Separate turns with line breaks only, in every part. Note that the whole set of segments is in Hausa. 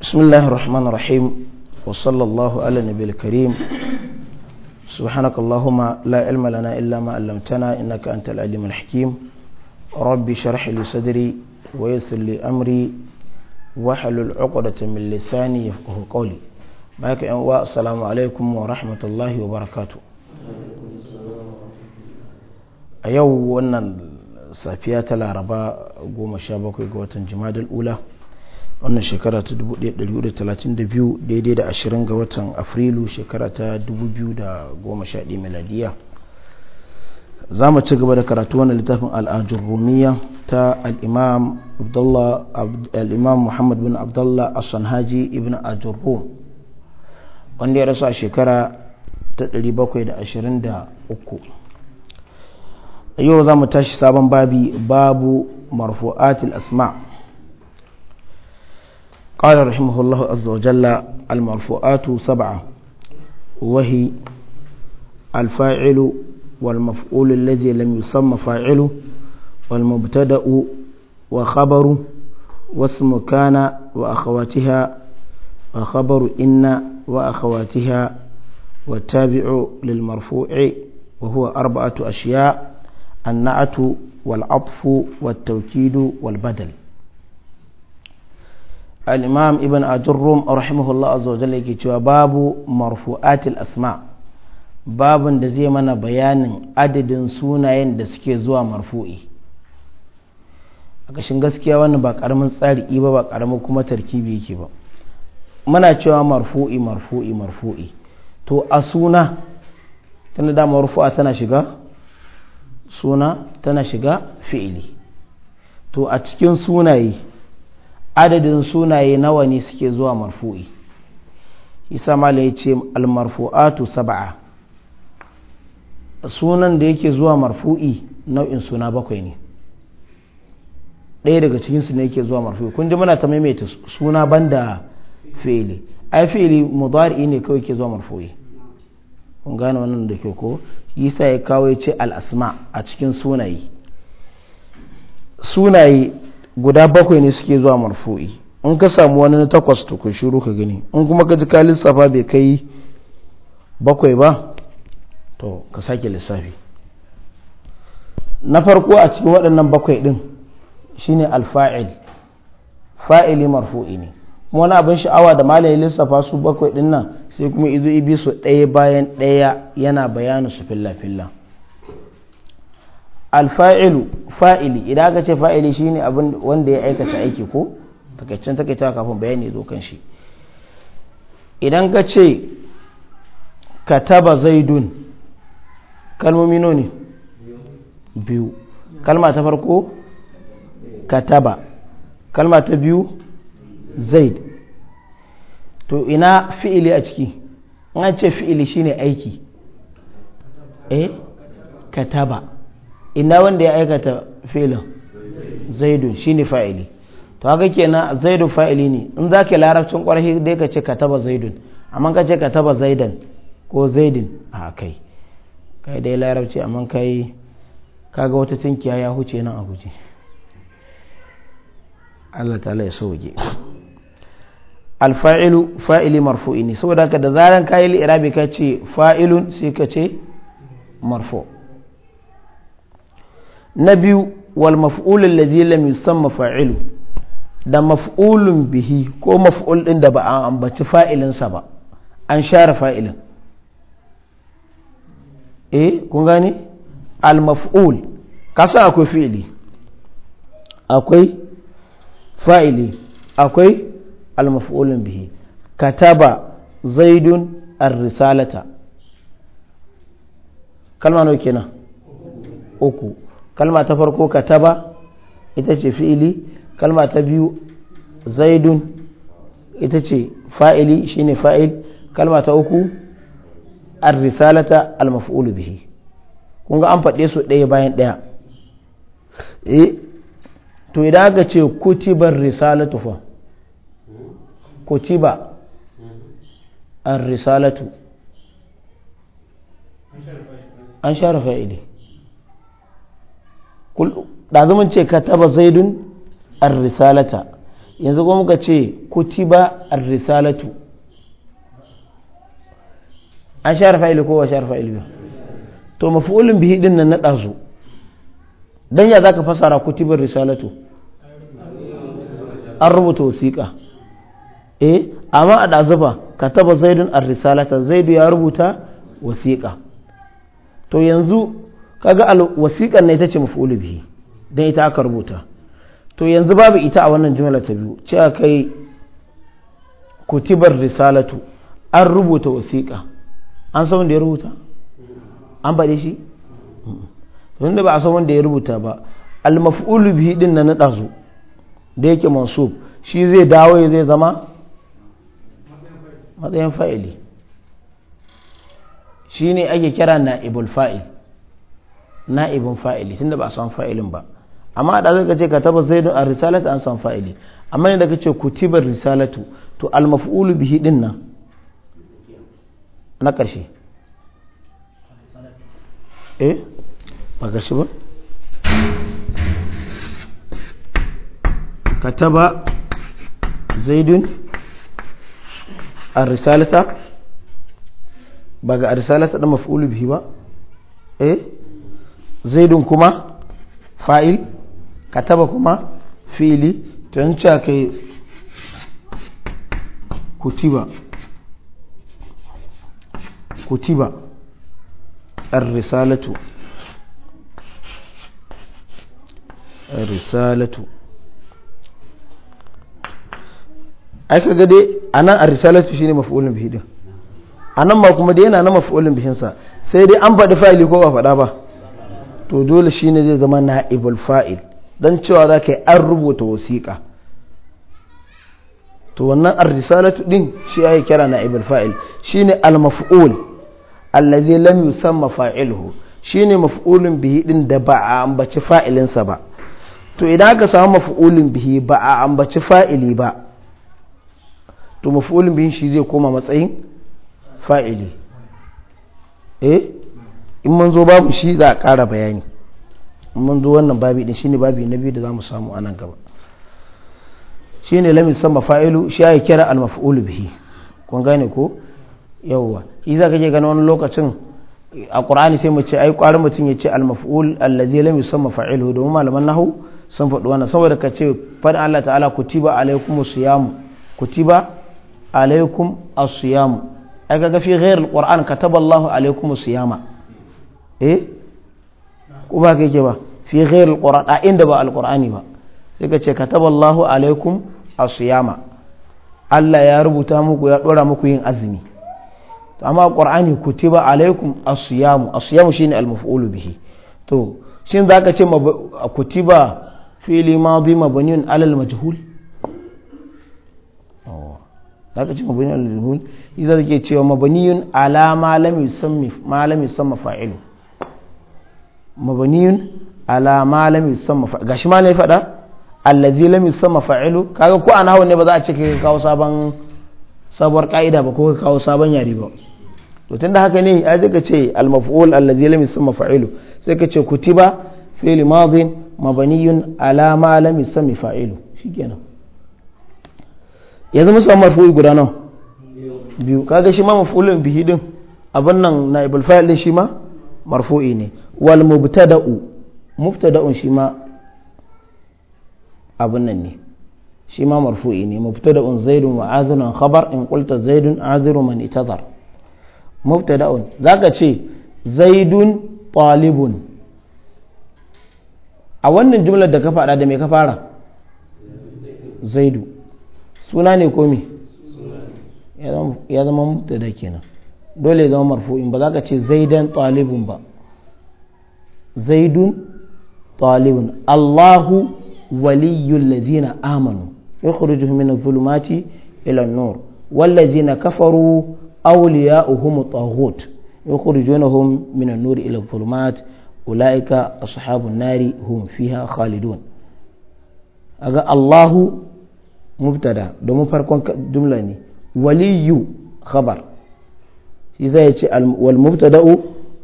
بسم الله الرحمن الرحيم وصلى الله على النبي الكريم سبحانك اللهم لا علم لنا إلا ما علمتنا إنك أنت العليم الحكيم ربي شرح لي صدري ويسر لي أمري واحلل عقدة من لساني يفقه قولي معك السلام عليكم ورحمة الله وبركاته أيوة أن سافيات العرباء قوم الشابك قوة جماد الأولى wannan shekara ta 1432 daidai da 20 ga watan afrilu shekara ta 2011 miladiya za mu ci gaba da karatu wannan littafin al'ajin rumiya ta al'imam muhammad bin abdullah as-sanhaji ibn ajurrum wanda ya rasu a shekara ta 723 yau za mu tashi sabon babi babu marfu'atil asma' قال رحمه الله عز وجل المرفوعات سبعة وهي الفاعل والمفعول الذي لم يسمى فاعله والمبتدأ وخبر واسم كان وأخواتها وخبر إن وأخواتها والتابع للمرفوع وهو أربعة أشياء النعت والعطف والتوكيد والبدل al'imam ibn ajurrum a rahimahullah azawajal yake cewa babu marfu'atil asma babun da zai mana bayanin adadin sunayen da suke zuwa marfu'i a ƙashin gaskiya wannan ba ƙaramin tsari ba ba ƙaramin kuma tarkibi yake ba muna cewa marfu'i marfu'i marfu'i to a suna tana da marfu'a tana shiga suna tana shiga fi'ili to a cikin sunaye adadin sunaye nawa ne suke zuwa marfu'i isa malam ya ce almarfu'atu saba'a sunan da yake zuwa marfu'i nau'in suna bakwai ne ɗaya daga cikinsu ne yake zuwa marfu'i kun ji muna ta maimaita suna banda fi'ili ai fi'ili mudari ne kawai ke zuwa marfu'i kun gane wannan da ke ko isa ya kawo ya ce al'asma a cikin sunaye sunaye guda bakwai ne suke zuwa marfu'i in ka samu wani na takwas to ka shiru ka gani in kuma ka ji ka lissafa bai kai bakwai ba to ka sake lissafi na farko a cikin waɗannan bakwai ɗin shine alfa'il fa'ili marfu'i ne kuma wani abin sha'awa da malaye lissafa su bakwai ɗin nan sai kuma izo ibi su ɗaya bayan ɗaya yana bayanin su filla-filla alfa'ilu fa'ili idan aka ce fa'ili shine abin wanda ya aikata aiki ko takaicin takaitawa kafin bayani zo kan shi idan ka ce kataba zaidun kalmomi ne biyu kalma ta farko kataba kalma ta biyu zaid to ina fi'ili a ciki an ce fi'ili shine aiki eh kataba ina wanda ya aikata filin zaidun shine fa'ili to haka kenan zaidun fa'ili ne in za ka larabcin ƙwarhi dai ka ce kataba zaidun amma ka ce kataba zaidan ko zaidin a kai kai dai larabci amma kai kaga wata tunkiya ya huce nan a guje Allah ta'ala ya sauke alfa'ilu fa'ili marfu'i ne saboda haka da zaran kayi irabi ka ce fa'ilun sai ka ce marfu' na biyu wal maf'ulul ladhi lam yusamma fa'ilu da maf'ulun bihi ko maf'ul din da ba a ambaci fa'ilinsa ba an share fa'ilin eh kun gane al maf'ul kasa akwai fi'ili akwai fa'ili akwai al maf'ulun bihi kataba zaidun ar-risalata kalma nawa kenan uku kalma ta farko kataba ita ce fi'ili kalma ta biyu zaidun ita ce fa'ili shine fa'il kalma ta uku ar-risalata al-maf'ulu bihi kunga an faɗe su ɗaya bayan ɗaya eh to idan aka ce kutibar risalatu fa kutiba ar-risalatu an share fa'ili ɗazumin ce ka taba zaidun ar-risalata yanzu kuma muka ce kutiba ar-risalatu an share fa'ili kowa share fa'ili ba to mafi'ulun bihi din nan na ɗazu dan ya zaka fasara kutibar risalatu an rubuta wasiƙa eh amma a ɗazu ba ka taba zaidun ar-risalata zaidu ya rubuta wasiƙa to yanzu kaga alwasiƙar na ita ce maf'ulu bihi dan ita aka rubuta to yanzu babu ita a wannan jumla ta biyu ce kai kutibar risalatu an rubuta wasiƙa an san wanda ya rubuta an baɗe shi da ba a san wanda ya rubuta ba al-maf'ulu bihi din na nada zu da yake mansub shi zai dawo ya zai zama matsayin fa'ili shi ne ake kira na ibul fa'il na'ibin fa'ili tunda ba a san fa'ilin ba amma da zaka ce ka kataba zaidun a risalatu an san fa'ili amma yadda kace kutiba risalatu to al maf'ulu bihi din nan na karshe eh ba karshe ba kataba zaidun a risalata ba ga a risalata da maf'ulu bihi ba eh zaidun kuma fa'il ka taba kuma fili ta yanci ka yi kutiba kutiba الرسالة الرسالة ai kaga dai anan ar-risalatu shine maf'ulun bihi din anan ma kuma dai yana na maf'ulun bihinsa sai dai an faɗi fa'ili ko ba faɗa ba to dole shine zai zama na'ibul fa'il don cewa za ka yi an rubuta wasiƙa to wannan ar-risalatu ɗin shi ya yi kira na'ibul fa'il ne al-maf'ul allazi lam yusamma fa'iluhu shine maf'ulun bihi din da ba a ambaci fa'ilinsa ba to idan aka samu maf'ulun bihi ba a ambaci fa'ili ba to maf'ulun bihi shi zai koma matsayin fa'ili eh in mun zo babu shi za a ƙara bayani in mun zo wannan babi din shine babi na biyu da zamu samu a nan gaba ne lamin san mafa'ilu shi ya kira al maf'ulu bihi kun gane ko yawwa shi za ka je gani wani lokacin a qur'ani sai mu ce ai ƙwarin mutum ya ce al maf'ul allazi lamin san mafa'ilu domin malaman nahu sun faɗi wannan saboda ka ce faɗin Allah ta'ala kutiba alaikum siyamu kutiba alaikum as-siyamu ai kaga fi ghairil qur'an kataba Allahu alaikum siyama eh ko ba ka yake ba fi ghair alquran a inda ba alqurani ba sai ka ce kataballahu alaikum asiyama Allah ya rubuta muku ya dora muku yin azumi to amma alqur'ani kutiba alaikum asiyamu asiyamu shine almaf'ulu bihi to shin zaka ce kutiba fi'li madi mabniun ala almajhul oh zaka ce mabniun ala almajhul idan zake cewa mabniun ala ma lam yusammi ma lam yusamma fa'ilu mabaniyun ala ma lam yusamma fa gashi ma ne fada allazi lam yusamma fa'ilu kaga ko ana nahwu ne ba za a ce ka kawo sabon sabuwar ka'ida ba ko ka kawo sabon yare ba to tunda haka ne ai zaka ce al maf'ul allazi lam yusamma fa'ilu sai ka ce kutiba fi'l madhin mabaniyun ala ma lam yusamma fa'ilu shikenan yanzu musu marfu'i guda nawa biyu kaga shi ma maf'ulun bihi din abin nan na ibul fa'il din shi ma marfu'i ne wal mubtada'u mubtada'un shi ma abun nan ne shi ma marfu'i ne mubtada'un zaidun wa azunan khabar in qulta zaidun aziru man itazar mubtada'un zaka ce zaidun talibun a wannan jumlar da ka faɗa da me ka fara zaidu suna ne ko me ya zama mubtada kenan dole zama marfu'in ba za ka ce zaidan ɗalibin ba zaidun talibun allahu waliyyun ladina amanu yukhrijuhum min adh ila nur wallazina ladina kafaru awliya'uhum at-taghut yukhrijunahum min an ila adh-dhulumat ulaika ashabun nari hum fiha khalidun aga allahu mubtada domin farkon jumla ne waliyu khabar shi zai ce wal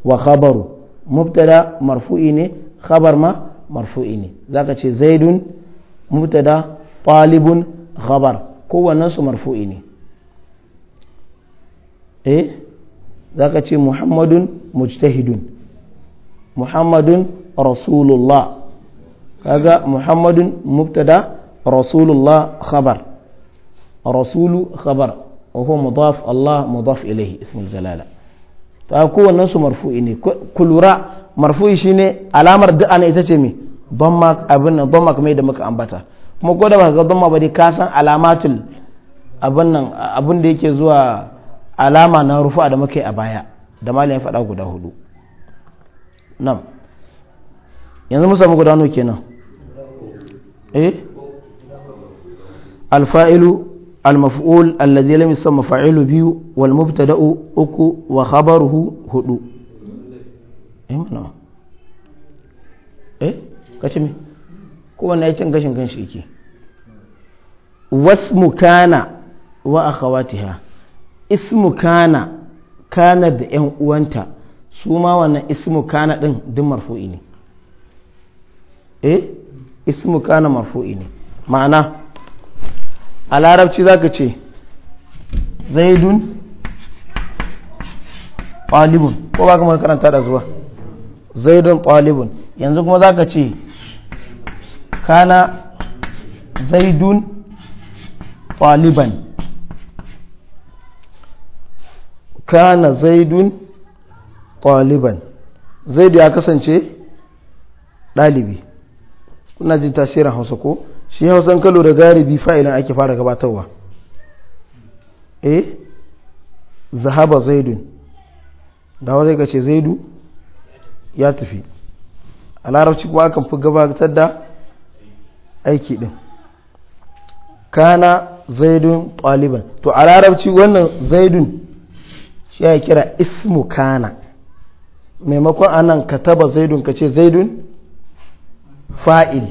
wa khabaru mubtada marfu'i ne khabar ma marfu'i ne zaka ce zaidun mubtada talibun khabar kowannen su marfu'i ne eh zaka ce muhammadun mujtahidun muhammadun rasulullah kaga muhammadun mubtada rasulullah khabar rasulu khabar wa huwa mudaf Allah mudaf ilaihi ismul jalala to a kowannen su marfu'i ne kulura lura marfu'i shine alamar duk ana ita ce me dhamma abin nan dhamma kamar da muka ambata kuma ko da baka ga dhamma ba dai alamatul abin da yake zuwa alama na rufa da muka yi a baya da malamin faɗa guda hudu yanzu mun samu guda kenan eh? alfa'ilu المفعول الذي لم يسمى فعله بيو والمبتدا اكو وخبره هدو ايه مانا ايه كاتي مي كو وانا يتن غشن غنشي كي واسم كان واخواتها اسم كان كان د ان uwanta سوما وانا اسم كان kana din din ايه اسم كان ismu معناه a larabci za ka ce zaidun ƙwalibun ko ba kuma karanta da zuwa zaidun ƙwalibun yanzu kuma za ka ce kana zaidun ƙwaliban kana zaidun ƙwaliban zaidu ya kasance ɗalibi kuna jin tasirin hausa ko shi san kalo da garibi fa'ilin ake fara gabatarwa eh zahaba zaidun da wanda ka ce zaidu ya tafi a larabci kuwa kan fi gabatar da aiki din kana zaidun ɗaliban to a larabci wannan zaidun shi ya kira ismu kana maimakon anan ka taba zaidun ka ce zaidun fa'il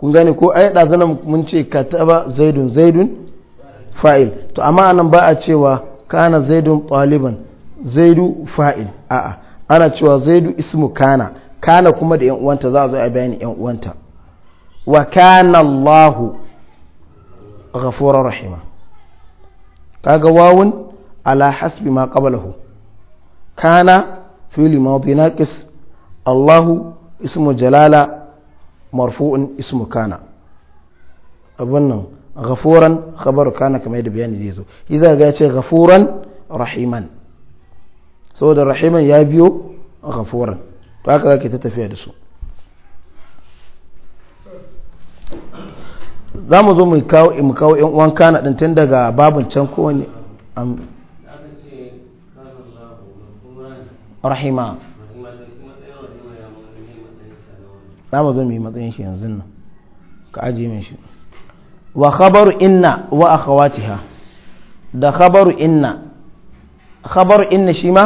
kun gane ko ai ɗazana mun ce kataba zaidun zaidun fa'il to amma anan ba a cewa kana zaidun ɗaliban zaidu fa'il a'a ana cewa zaidu ismu kana kana kuma da yan uwanta za a zo a bayani yan uwanta wa kana allah ghafurur rahima kaga wawun ala hasbi ma qablahu kana fi'li madhi naqis Allahu ismu jalala marfu'un ismu kana abun nan ghafuran khabar kana kamar yadda bayani da yazo idza ga ya ce ghafuran rahiman saboda rahiman ya biyo ghafuran to haka zake ta tafiya da su za mu zo mu kawo yan uwan kana din tun daga babun can kowane rahima za mu zo mu yi matsayin shi yanzu nan ka aji min shi wa khabaru inna wa akhawatiha da khabaru inna khabaru inna shi ma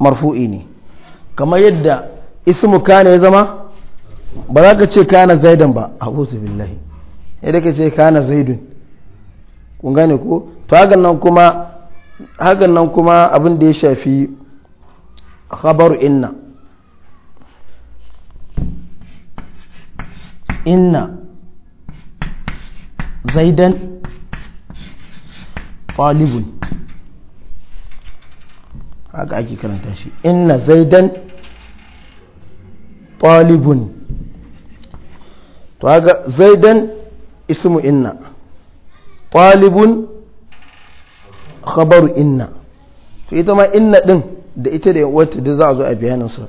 marfu'i ne kamar yadda ismu kana ya zama ba za ka ce kana zaidan ba a'udhu billahi yadda ka ce kana zaidun kun gane ko to hagan nan kuma nan kuma abin da ya shafi khabaru inna inna zaidan talibun haka ake karanta shi inna zaidan talibun to haka zaidan ismu inna talibun khabaru inna to ita ma inna din da ita da wata da za zo a bayaninsa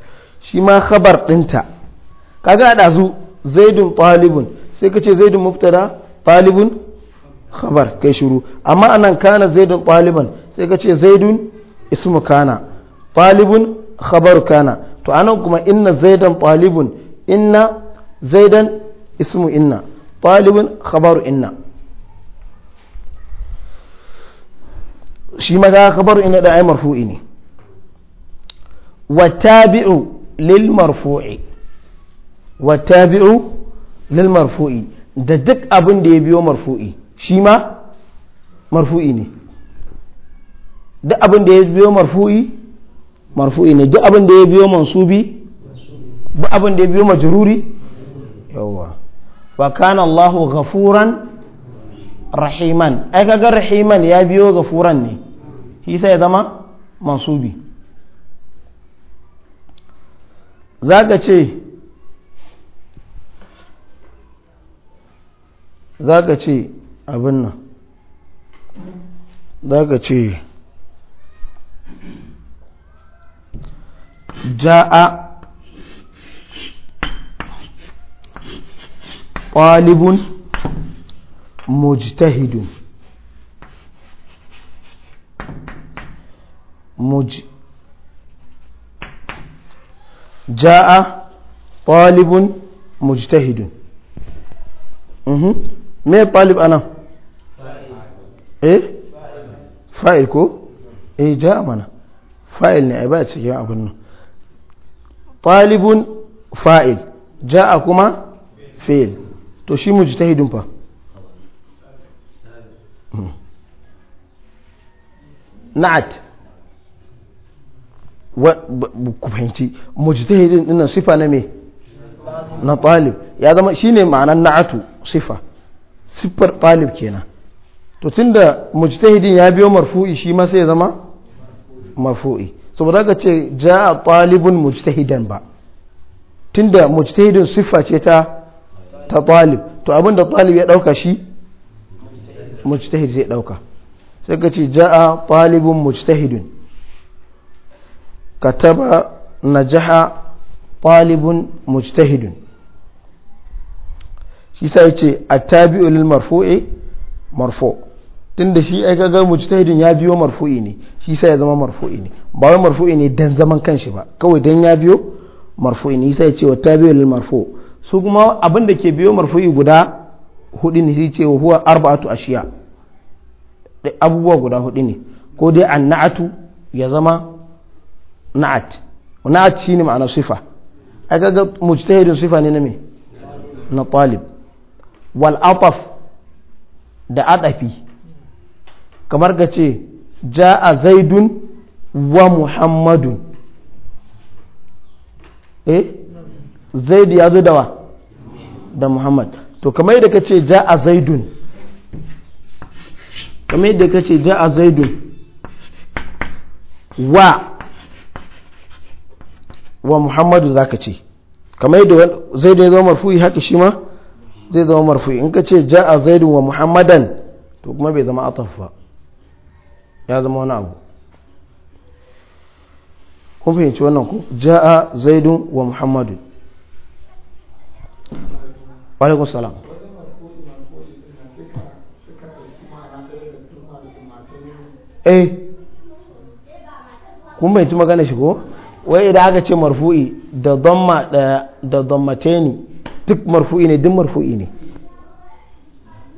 shi ma khabar dinta kaga a ɗazu zaidun talibun sai ka ce zaidun muftada talibun khabar kai shuru amma anan kana zaidun taliban sai ka ce zaidun ismu kana talibun khabar kana to anan kuma inna zaidan talibun inna zaidan ismu inna talibun khabar inna shi maza ga khabar inna da ai marfu'i ne wa tabi'u lil marfu'i wa tabi'u lil marfu'i da duk abin da ya biyo marfu'i shi ma marfu'i ne duk abin da ya biyo marfu'i marfu'i ne duk abin da ya biyo mansubi duk abin da ya biyo majruri yawa wa kana Allahu ghafuran rahiman ai kaga rahiman ya biyo gafuran ne shi sai ya zama mansubi ka ce za ka ce abin nan za ka ce ja'a ƙwalibun mujtahidun muj ja'a ƙwalibun mujtahidun mhm. me talib ana eh fa'il ko eh ja mana fa'il ne ai ba cikin abin nan talibun fa'il ja'a kuma fi'il to shi mujtahidun fa hmm. na'at ku fahimci mujtahidin dinnan sifa na me na talib ya zama shine ma'anan na'atu sifa siffar ɗalib kenan to tun da mujtahidin ya biyo marfu'i shi ma sai ya zama marfu'i saboda ka ce a ɗalibin mujtahidan ba tun da mujtahidin siffa ce ta ta ɗalib to da ɗalib ya ɗauka shi mujtahid zai ɗauka sai ka ce a mujtahidin mujtahidin taba na najaha ɗalibin mujtahidin. shi sa ya ce a tabi'u lil marfoe marfo tun da shi ai kaga mujtahidin ya biyo marfoe ne shi sa ya zama marfoe ne ba wai marfu'i ne dan zaman kanshi ba kawai dan ya biyo marfoe ne sai ya ce wa tabi'u lil marfo su kuma abin da ke biyo marfoe guda hudu ne shi ce wa huwa arba'atu ashiya da abubuwa guda hudu ne ko dai annatu ya zama na'at na'at shi ne ma'ana sifa ai kaga mujtahidin sifa ne na me na talib wal ataf da adafi kamar ka ce a zaidun wa muhammadun eh zaidu ya zo dawa wa da muhammad to kamar yadda ka ce a zaidun kamar yadda ka ce a zaidun wa wa muhammadu za ka ce kamar yadda zaidu ya zo yi haka shi ma zai zama marfu in ka ce ja'a zaidun wa muhammadan to kuma bai zama ataf ba ya zama wani abu kun fahimci wannan ku ja'a zaidun wa muhammadun walaikun salam eh kun fahimci magana shi ko wai idan aka ce marfu'i da dhamma da dhammateni duk marfu'i ne duk marfu'i ne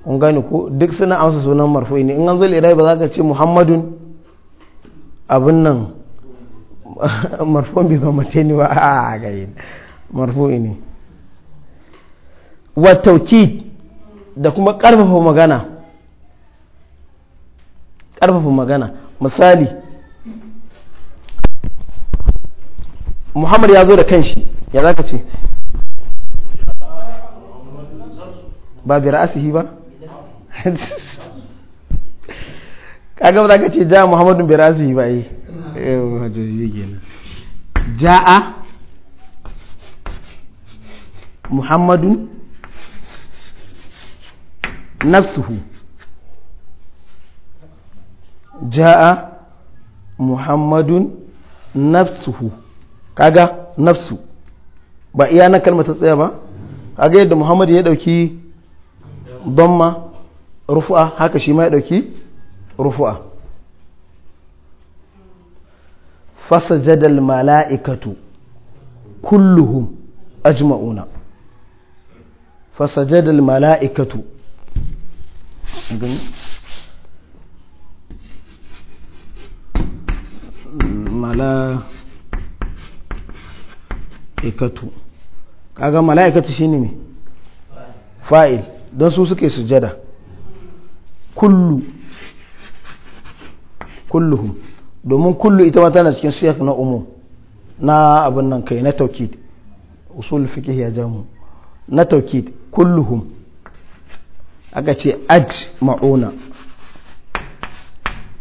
kun gane ko duk suna amsa sunan marfu'i ne in an zo ba za ka ce muhammadun abin nan marfu'in bai zama mace ne ba a gaye marfu'i ne wa tauki da kuma karfafa magana karfafa magana misali muhammad ya zo da kanshi ya za ka ce ba bi ra'asihi ba kaga ba za ka ce ja muhammadun bi ra'asihi ba eh. yi ja'a muhammadun nafsuhu ja'a muhammadun nafsuhu kaga nafsu ba iya na kalmata ta tsaya ba kaga yadda Muhammadu ya dauki dhamma rufu'a haka shi ma ya dauki rufu'a fasajada mala'ikatu kulluhum ajma'una fasajada mala'ikatu mala'ikatu kaga mala'ikatu shine me fa'il don su suke sujada kullu kulluhum domin kullu ita ma tana cikin siyak na umu na abin nan kai na taukid usul fiqh ya jamu na taukid kulluhum aka ce ma'una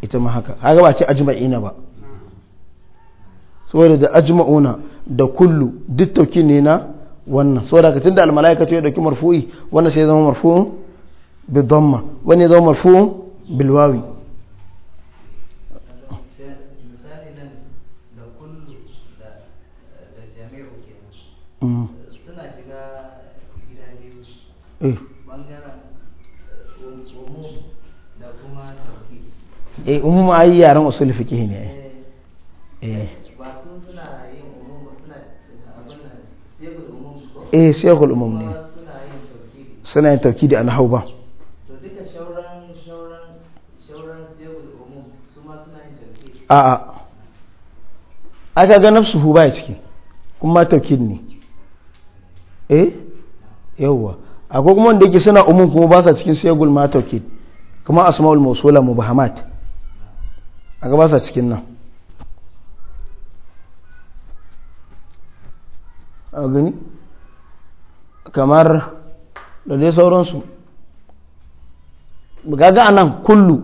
ita ma haka haka ba ce ajma'ina ba saboda da ajma'una da kullu duk tauki ne na wannan so ka tunda almalaikatu ya dauki marfu'i wannan sai zama marfu'un bi dhamma wani zama marfu'un bil wawi suna mm. eh. eh umum usul fiqh ne eh eh shekul umum ne suna yin da a nahau ba a'a aka ga nafsuhu ba ya ciki kuma taukid ne eh yauwa a kuma da yake suna umun kuma ba sa cikin segul ma taukid kuma mu bahamat a ga ba sa cikin nan a gani kamar da dai sauransu gaga anan kullu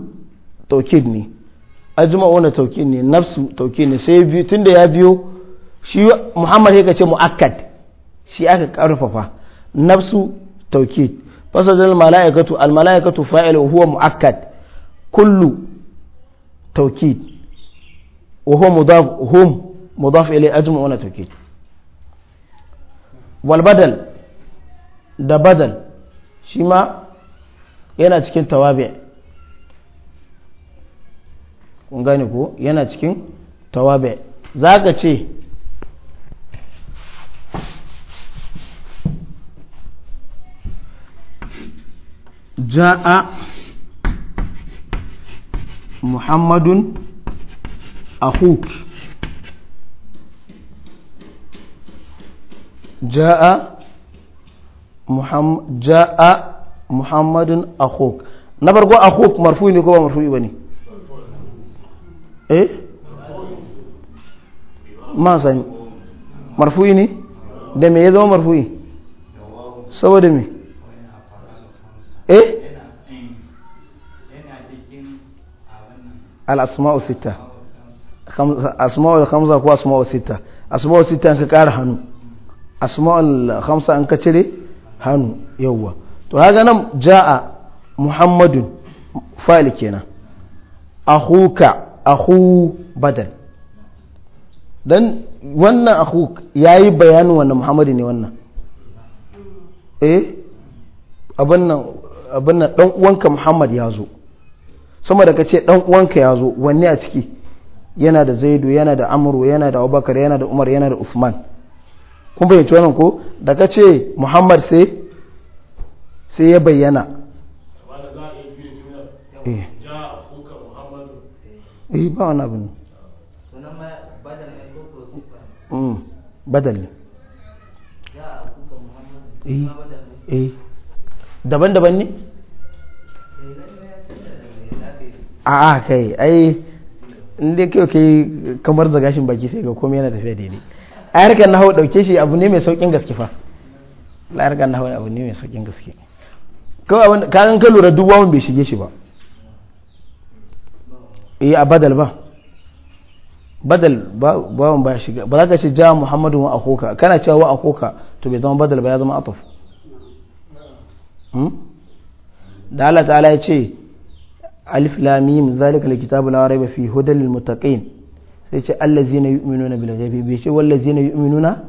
tauki ne ajima na tauki ne nafsu tauki ne sai biyu tunda ya biyo shi muhammad ya kace mu'akkad shi aka karfafa nafsu tauki fasajal mala'ikatu al mala'ikatu fa'il huwa mu'akkad kullu tauki wa huwa mudaf hum mudaf ilay ajma'u na taukid wal badal da badal shi ma yana cikin tawabi kun gane ko yana cikin tawabi za ka ce ja'a muhammadun ahuk ja'a ja'a muhammadun akhuk na farko akhuk marfu ne ko ba marfu ba ne eh ma sani marfu ne da me ya zama marfu saboda me eh al-asma'u sita asma'ul khamsa ko asma'u sita asma'u sita an ka kara hannu da khamsa an ka cire hannu yawwa to haka nan ja'a muhammadun fa'il kenan ahuka ahu badal dan wannan ya yi bayanin wannan muhammadu ne wannan eh abin nan abin nan dan uwanka muhammad ya zo sama da kace dan uwanka ya zo wanne a ciki yana da zaidu yana da amuru yana da abubakar yana da umar yana da usman kun bayyanci wannan ko daga ce muhammad sai sai ya bayyana eh, eh ba wani abu mm, badal ne eh, eh. daban-daban ne a a kai ai inda kai kamar da gashin baki sai ga komai yana tafiya daidai a harkar nahawu dauke shi abu ne mai saukin gaske fa la na nahawu abu ne mai saukin gaske kawai kagan ka lura duk wawan bai shige shi ba eh a badal ba badal bawan ba shiga ba za ka ce ja muhammadu wa akoka kana cewa wa akoka to bai zama badal ba ya zama ataf hmm? da Allah ta'ala ya ce alif lamim zalika alkitabu la raiba fi hudal lil muttaqin sai ce allazina yu'minuna bil ghaibi bai ce wallazina yu'minuna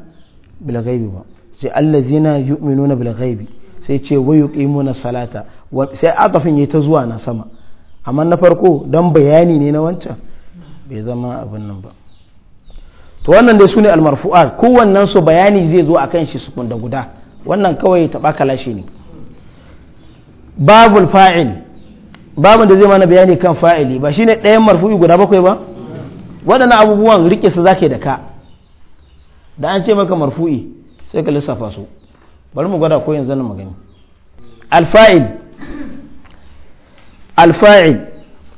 bil ghaibi ba sai allazina yu'minuna bil ghaibi sai ce wa yuqimuna salata sai atafin yayi ta zuwa na sama amma na farko dan bayani ne na wancan bai zama abin nan ba to wannan dai sune almarfu'at kowannen su bayani zai zo akan shi su da guda wannan kawai taba kalashi ne babul fa'il babin da zai mana bayani kan fa'ili ba shine ɗayan marfu'i guda bakwai ba waɗannan abubuwan rike su zake da ka da an ce maka marfu'i sai ka lissafa su bari mu gwada ko yanzu na magani alfa'il alfa'il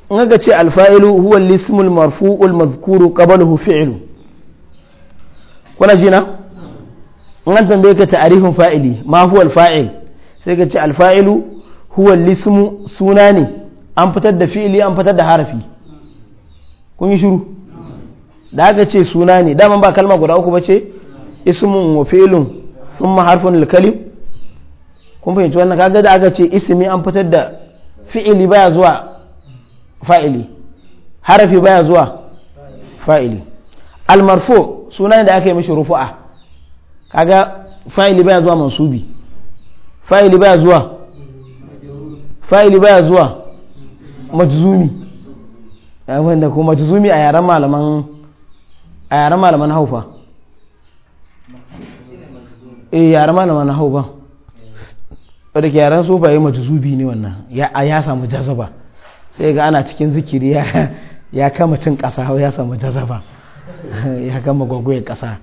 in ga ce alfa'ilu huwa lismul marfu'ul mazkuru qablahu fi'lu kuna jina in an tambaye ka ta'arifin fa'ili ma huwa alfa'il sai ka ce alfa'ilu huwa lismu suna ne an fitar da fi'ili an fitar da harafi kun yi shiru da aka ce suna ne daman ba kalma guda uku ba ce ismun wa filin sun harfun al kun fahimci wannan kaga da aka ce ismi an fitar da fi'ili baya zuwa fa'ili harafi baya zuwa fa'ili almarfo suna ne da aka yi mashi rufu'a kaga fa'ili baya zuwa mansubi fa'ili baya zuwa fa'ili baya zuwa majzumi wanda ko majzumi a yaren malaman a yaren malaman haufa eh yaren malaman haufa wadda ke yaren sofa ya majuzubi ne wannan ya ya samu jazaba sai ga ana cikin zikiri ya kama cin kasa ya samu jazaba ya kama kasa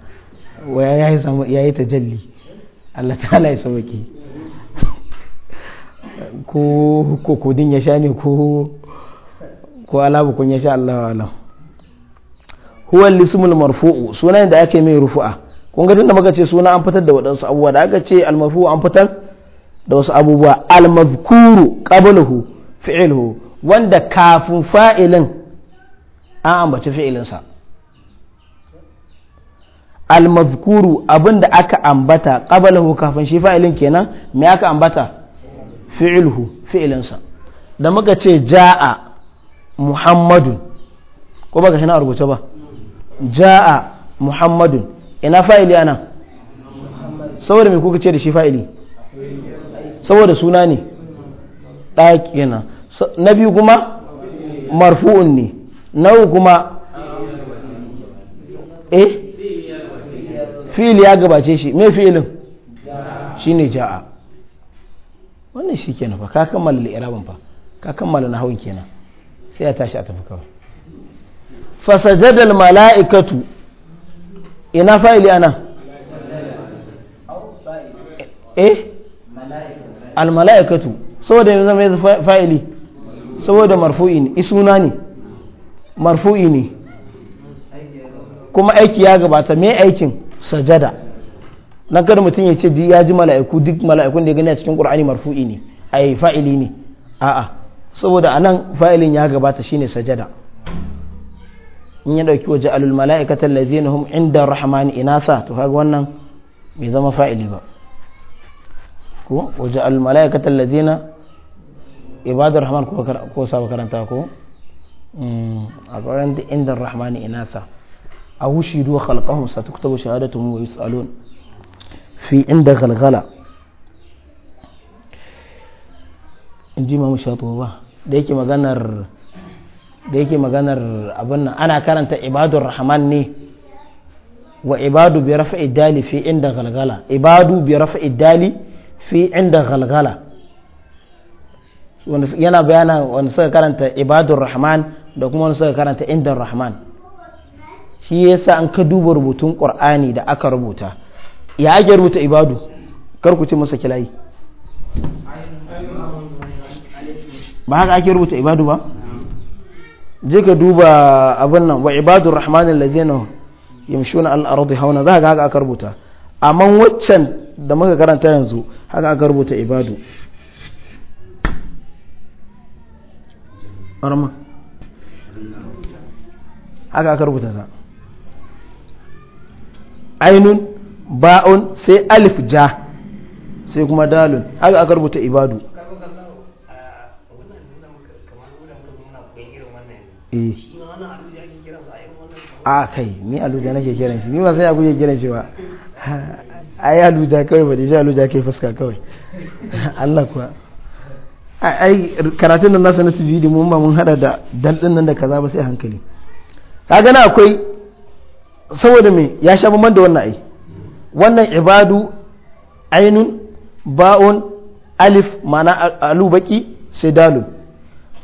waya ya yi tajalli Allah ta'ala ya sauki ko kokodin ya sha ne ko ko alabukun ya sha Allah wa huwa lismul marfu'u sunan da ake mai rufu'a kun ga tunda muka ce suna an fitar da waɗansu abubuwa da aka ce al marfu'u an fitar da wasu abubuwa al mazkuru qablahu fi'luhu wanda kafin fa'ilin an ambaci sa al mazkuru abinda aka ambata qablahu kafin shi fa'ilin kenan me aka ambata fi'luhu fi'ilinsa da muka ce ja'a muhammadun ko baka shi na rubuce ba ja'a muhammadun ina fa'ili ana saboda me kuka ce da shi fa'ili saboda suna ne ɗakina na biyu kuma marfu'un ne na kuma eh fi'il ya gabace shi me fi'ilin ne ja'a wannan shi kenan fa ka kammala li'irabin fa ka kammala na nahawin kenan sai ya tashi a tafi kawai فسجد الملائكة ina saboda yanzu zama yanzu fa'ili saboda marfu'i ne isuna ne marfu'i ne kuma aiki ya gabata me aikin sajada na kada mutum ya ce ya ji mala'iku duk mala'ikun da ya gani cikin ƙur'ani marfu'i ne ai fa'ili ne a'a saboda anan fa'ilin ya gabata shine sajada in ya dauki waje alul mala'ikata allazina hum inda rahmani inasa to kaga wannan bai zama fa'ili ba ko waje alul mala'ikata allazina ibadar rahman ko ko saba karanta ko mm, a karanta inda rahmani inasa a wushi duwa khalqahum satuktabu shahadatuhum wa yus'alun fi inda galgala in ji mamu shatuwa ba da yake maganar da yake maganar abin nan ana karanta ibadur rahman ne wa ibadu bi rafa'i dali fi inda galgala ibadu bi rafa'i dali fi inda galgala yana bayana wani suka karanta ibadur rahman da kuma wani suka karanta inda rahman shi yasa an ka duba rubutun qur'ani da aka rubuta ya ake rubuta ibadu kar ku ci masa kilayi ba haka ake rubuta ibadu ba je ka duba abin nan wa ibadur rahmanin ladina yamshuna al-ardi hauna za ga haka aka rubuta amma waccan da muka karanta yanzu haka aka rubuta ibadu arma haka aka rubuta ta ainun ba'un sai alif ja sai kuma dalun haka aka rubuta ibadu Eh. a kai ni aluja nake kiran shi ni ba sai a guje kiran shi ba ai aluja kai ba dai aluja kai fuska kai Allah kuwa ai karatun nan nasa na tajwidi mun ba mun hada da din nan da kaza ba sai hankali kaga na akwai saboda me ya sha bamban da wannan ai wannan ibadu ainun ba'un alif ma'ana alubaki sai dalun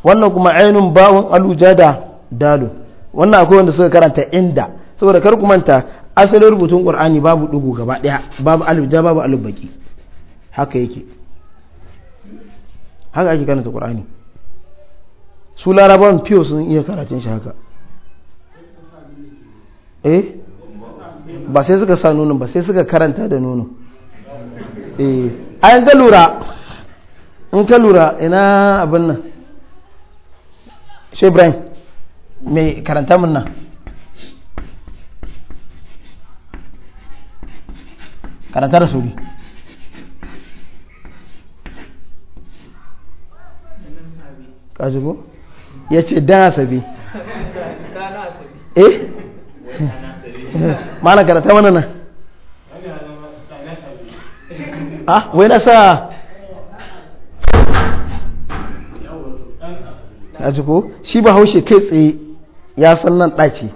wannan kuma ainun al'uja alujada dalu wannan akwai wanda suka karanta inda saboda kar ku manta asalin rubutun qur'ani babu dugu gaba daya babu alujada babu alubaki haka yake haka ake karanta qur'ani su larabawan fiyo sun iya karatun shi haka eh ba sai suka sa nunin ba sai suka karanta da nunin eh ayan ka lura in ka lura ina abin nan shi ibrahim mai karanta mun nan karanta da sauri kajibo ya ce dan asabi eh mana karanta mana nan
ah wai na sa
a ko shi ba haushe kai tsaye ya san nan ɗaci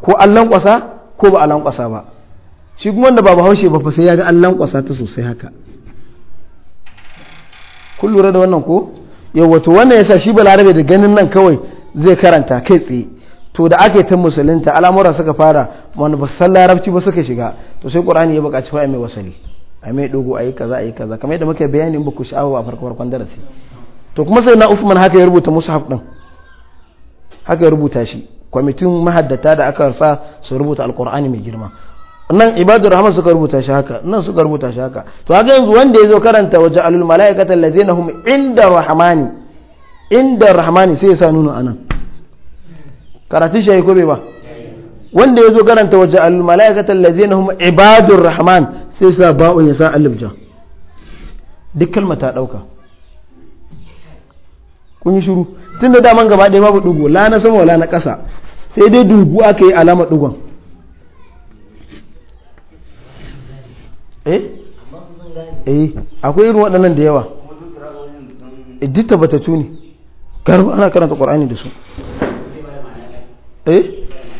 ko an lankwasa ko ba a lankwasa ba shi kuma da ba ba haushe ba sai ya ga an lankwasa ta sosai haka kun lura da wannan ko yawato wannan yasa shi ba larabe da ganin nan kawai zai karanta kai tsaye to da ake ta musulunta al'amuran suka fara wani ba san larabci ba suka shiga to sai qur'ani ya buƙaci fa'a mai wasali a mai dogo ayi kaza ayi kaza kamar yadda muke bayanin ba ku sha'awa a farko farkon darasi to kuma sai na Uthman haka ya rubuta mushaf din haka ya rubuta shi kwamitin mahaddata da aka sa su rubuta alqur'ani mai girma nan ibadu rahman suka rubuta shi haka nan suka rubuta shi haka to haka yanzu wanda ya zo karanta waje alul malaikata allazina hum inda rahmani inda rahmani sai ya sa nuno anan karatun shi ko bai ba wanda ya zo karanta waje alul malaikata allazina hum ibadur rahman sai sa ba'un ya sa alif ja duk kalma ta dauka kun yi shiru tun da daman gaba ɗaya babu dugu la na sama la na ƙasa sai dai dugu aka yi alama dugon eh eh akwai irin waɗannan da yawa eh, duk tabbatattu ne garba ana karanta ƙwar'ani da su eh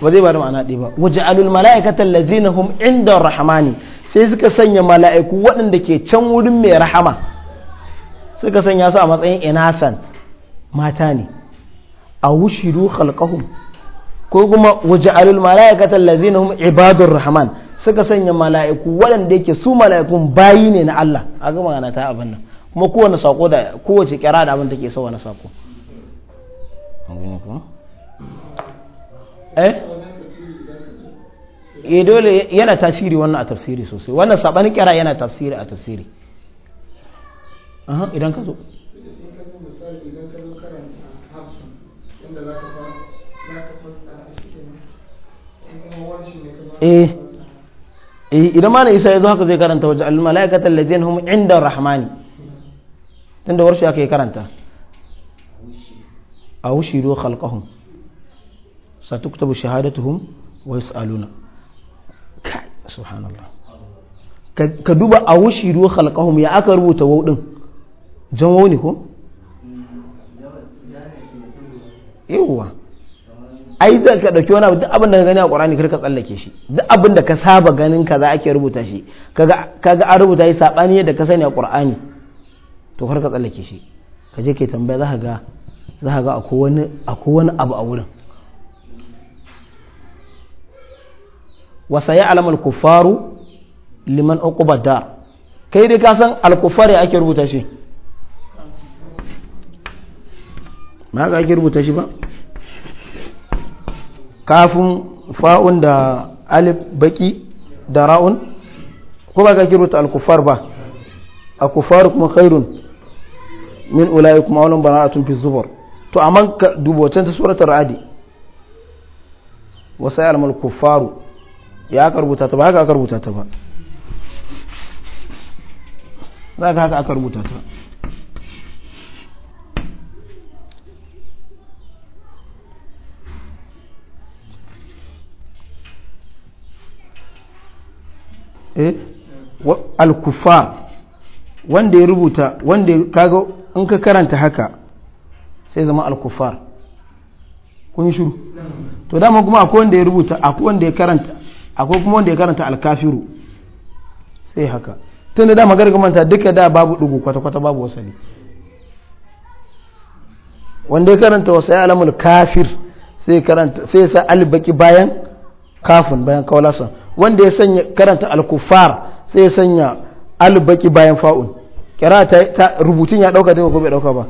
ba zai ba da ma'ana ɗaya ba waje alul mala'ikatan lazina hum inda rahamani sai suka sanya mala'iku waɗanda ke can wurin mai rahama suka sanya su a matsayin inasan mata ne a wushiru khalqahum ko kuma waje alul mala'ikatan lazina hum ibadur rahman suka sanya mala'iku waɗanda yake su mala'ikun bayi ne na Allah a ga magana ta abin nan kuma kowane sako da kowace kira da abin take sawa na sako eh? eh dole yana tasiri wannan a tafsiri sosai wannan sabanin kira yana tafsiri a tafsiri idan ka zo misali idan ka zo karanta hafsan inda za ka fara za ka fara a shi ne ka ba eh. Eh, idan isa ya zo haka zai karanta wajen alluma la'aikatar ladin hum inda rahmani tun da warshe aka yi karanta a wushi ruwa halkahun khalqahum satuktabu shahadatuhum wa yas'aluna kai subhanallah ka duba a wushi ruwa halkahun ya aka rubuta wau din jan wau ne ko yawwa ai da ka dauki wani abu duk abin da ka gani a Qur'ani kar ka tsallake shi duk abin da ka saba ganin ka a ake rubuta shi kaga ga an rubuta shi saɓani yadda ka sani a Qur'ani to kar ka tsallake shi ka je kai tambaya za ka ga za ka ga akwai wani abu a wurin wasa ya al-kuffaru liman uqba kai dai ka san al ya ake rubuta shi ma ga ake rubuta shi ba kafin fa'un da alif baki da ra'un ko ba ga ake rubuta alkufar ba a kufar kuma khairun min ulayi kuma wani bara'atun fi zubar to a man ka dubocin ta suratar ra'adi wasu ya alamar kufaru ya aka rubuta ta ba haka aka rubuta ta ba za ka haka aka rubuta ta eh al-kuffar wanda ya rubuta wanda kaga in ka karanta haka sai zama al-kuffar kun shiru to dama kuma akwai wanda ya rubuta akwai wanda ya karanta akwai kuma wanda ya karanta al-kafiru sai haka tunda dama gargamanta duka da babu dugu kwata-kwata babu wasali wanda ya karanta wasu ya alamul kafir sai karanta sai sa albaki bayan kafin bayan kawalasa wanda ya sanya karanta alkufar sai ya sanya albaki bayan fa'un kira ta rubutun ya dauka daga ko bai dauka ba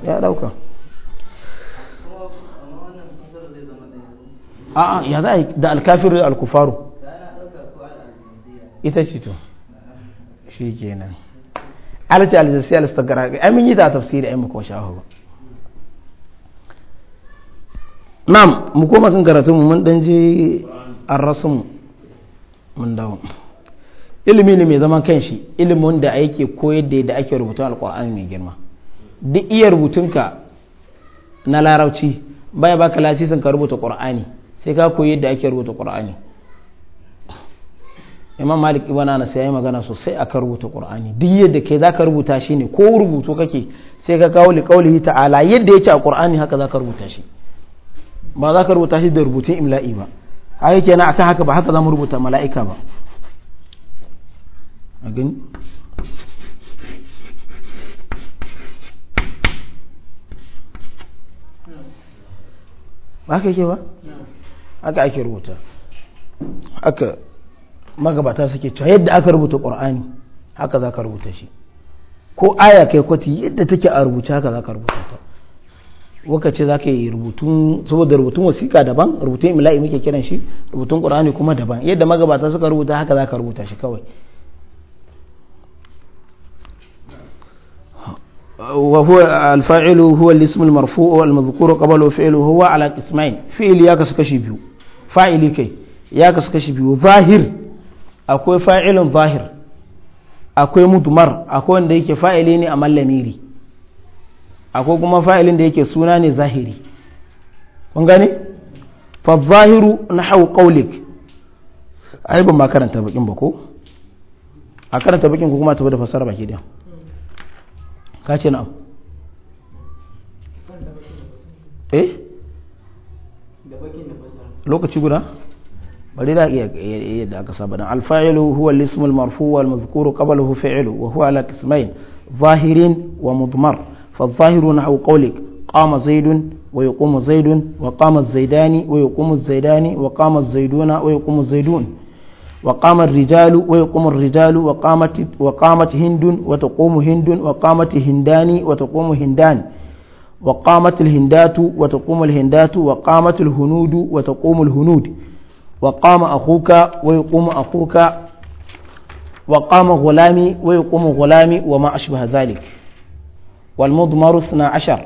ya dauka a ya za da yi da al alkufaru ita ce to shi kenan alci al-jasiya gara ga amin yi ta tafsiri yi muku shahu ba nam mu koma kan karatun mu mun dan je arrasum mun dawo ilimi ne mai zaman kanshi ilimin da ake koyar da yadda ake rubutun alkur'ani mai girma duk iya rubutunka na larabci baya baka lasisin ka rubuta qur'ani sai ka koyi yadda ake rubuta qur'ani imam malik ibn anas yayi magana sosai akan rubuta qur'ani duk yadda kai zaka rubuta shi ne ko rubutu kake sai ka kawo li qaulihi ta'ala yadda yake a qur'ani haka zaka rubuta shi ba zaka rubuta shi da rubutun imla'i ba ai kenan akan haka ba haka zamu rubuta mala'ika ba agin ba haka yake ba haka ake rubuta haka magabata suke cewa yadda aka rubuta qur'ani haka za ka rubuta shi ko aya kai kwati yadda take a rubuta haka za ka rubuta ta waka ce za ka yi rubutun saboda rubutun wasiƙa daban rubutun imla'i muke kiran shi rubutun ƙur'ani kuma daban yadda magabata suka rubuta haka za ka rubuta shi kawai huwa وهو الفاعل هو الاسم المرفوع والمذكور قبله فعله هو على قسمين فعل يا biyu بيو فاعل كي يا كسكشي biyu ظاهر akwai fa'ilin zahir akwai mudumar akwai wanda yake fa'ili ne a mallamiri akwai kuma fa'ilin da yake suna ne zahiri kun gani fa zahiru na hau a yi ban ma karanta bakin ba ko a karanta bakin ko kuma tafi da fasara baki da ka ce na'am eh lokaci guda bari da yadda aka saba dan alfa'ilu huwa al-ismu al-marfu wal madhkuru qablahu fi'lu wa huwa ala qismayn zahirin wa mudmar فالظاهر نحو قولك قام زيد ويقوم زيد وقام الزيدان ويقوم الزيدان وقام الزيدون ويقوم الزيدون وقام الرجال ويقوم الرجال وقامت وقامت هند وتقوم هند وقامت هندان وتقوم هندان وقامت الهندات وتقوم الهندات وقامت الهنود وتقوم الهنود وقام أخوك ويقوم أخوك وقام غلامي ويقوم غلامي وما أشبه ذلك والمضمر اثنا عشر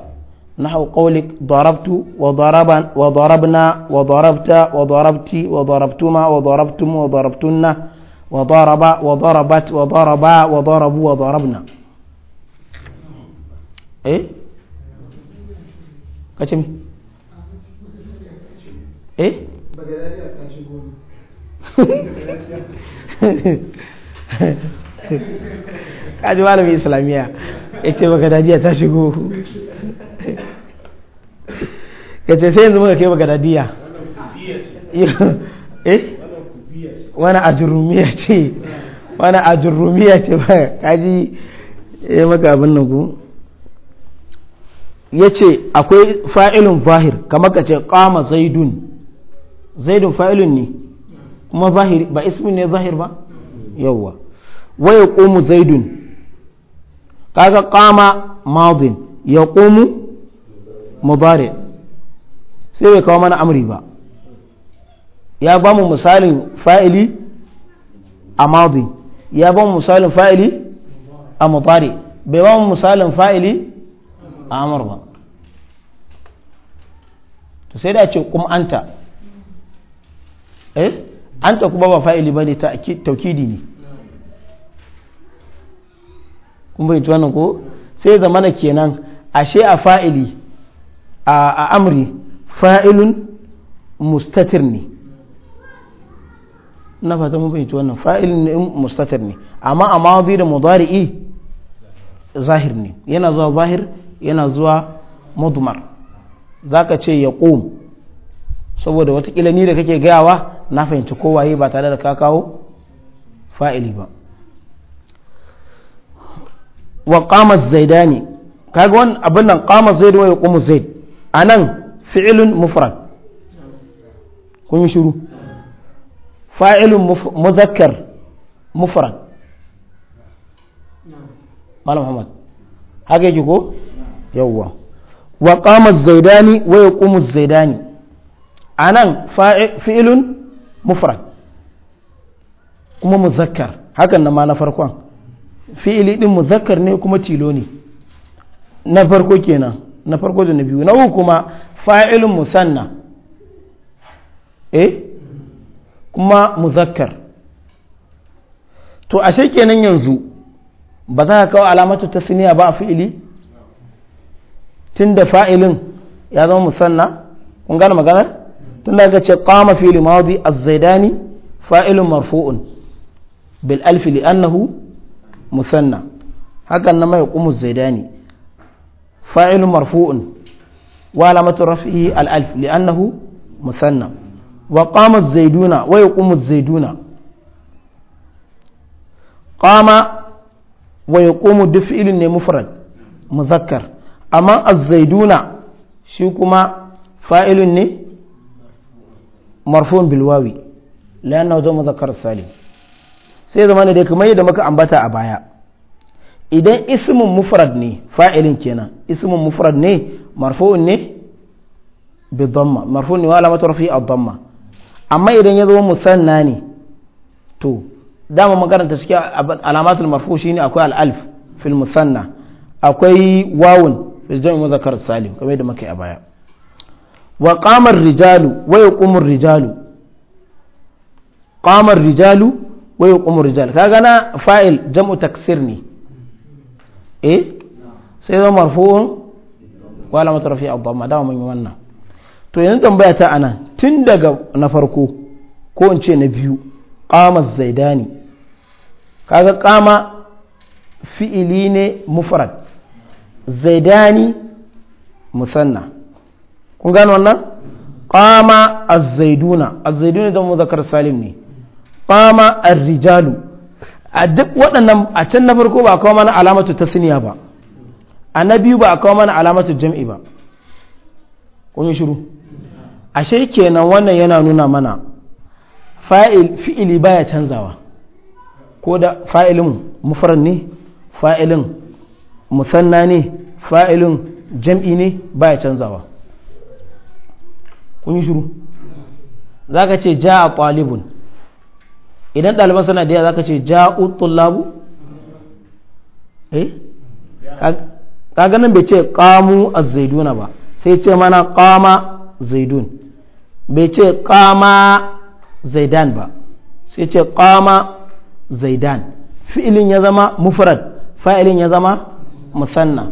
نحو قولك ضربت وضرب وضربنا وضربت وضربت وضربتما وضربتم وضربتن وضرب وضربت وضربا وضربوا وضربنا ايه كاتمي ايه kaji malamin islamiyya ya ce baka dajiya ta shigo ya ce sai yanzu muka kai baka dajiya eh? wani ajurumiya ce wani ajurumiya ce ba kaji ya maka abin nan ku ya ce akwai fa'ilun fahir kamar ka ce kama zaidun zaidun fa'ilun ne kuma ba ismin ne zahir ba yauwa wa yaqumu zaidun kaga qama madin yaqumu mudari sai bai kawo mana amri ba ya ba mu misalin fa'ili a madi ya ba mu misalin fa'ili a mudari bai ba mu misalin fa'ili a amur ba to sai da ce kuma anta eh anta kuma ba fa'ili ba ne ta tauki ne kun bai wannan ko sai zamana kenan ashe a fa'ili a amri fa'ilun mustatir ne na fata mun fahimci wannan fa'ilun ne mustatir ne amma a mawazi da mudari'i zahir ne yana zuwa zahir yana zuwa mudmar ka ce ya ƙo saboda watakila ni da kake gayawa na fahimci kowaye ba tare da ka kawo fa'ili ba wa qama zaidani kaga wannan abin nan qama zaid wa yaqumu zaid anan fi'lun mufrad kun yi shiru fa'ilun mudhakkar mufrad malam muhammad haka yake ko yawwa wa qama zaidani wa yaqumu zaidani anan fi'lun mufrad kuma muzakkar hakan na ma na farkon fi'ili din muzakkar ne kuma tilo ne na farko kenan na farko da na biyu na uku kuma fa'ilun musanna eh kuma muzakkar to ashe kenan yanzu ba za ka kawo alamatu ta siniya ba a fi'ili tun da fa'ilin ya zama musanna kun gane maganar tun da ka ce kama fi'ili az-zaidani fa'ilun marfu'un bil alfi li'annahu musanna hakan na mai kumu zaidani fa'il marfu'un wa alamatu rafihi al-alf li'annahu musanna wa qama zaiduna wa yaqumu zaiduna wa yaqumu duk fi'ilin ne mufrad muzakkar amma az shi kuma fa'ilun ne marfu'un bil wawi li'annahu muzakkar sai zama ne dai kamar yadda muka ambata a baya idan ismin mufrad ne fa'ilin kenan ismin mufrad ne marfu'un ne bi dhamma marfu'un ne wa alamatu rafi a dhamma amma idan ya zama musanna ne to dama makaranta cikin alamatul marfu ne akwai al'alf fil musanna akwai wawun fil jami'i muzakkar salim kamar yadda muka yi a baya wa qamar rijalu wa yaqumur rijalu qamar rijalu wa yuqum rijal kaga na fa'il jam'u taksir ne eh sai zama marfu'un wa alamat a dhamma da mun yi wannan to yanzu tambaya ta ana tun daga na farko ko in ce na biyu qama zaidani kaga qama fi'ili ne mufrad zaidani musanna kun gano wannan qama az-zaiduna az-zaiduna da zakar salim ne Fama arrijalu a duk waɗannan a can na farko ba a kawo mana alamatu ta siniya ba a na biyu ba a kawo mana alamatu jam'i ba kun shiru ashe kenan wannan yana nuna mana fa'ili baya canzawa ko da fa'ilin mufrad ne fa'ilin musanna ne fa'ilin jam'i ne baya canzawa kun yi shiru ka ce ja a ƙwalibun idan ɗaliban suna da yawa za ka ce ja'u tullabu eh ka nan bai ce ƙamu a zaiduna ba sai ce mana ƙama zaidun bai ce ƙama zaidan ba sai ce ƙama zaidan fi'ilin ya zama mufrad fa'ilin ya zama musanna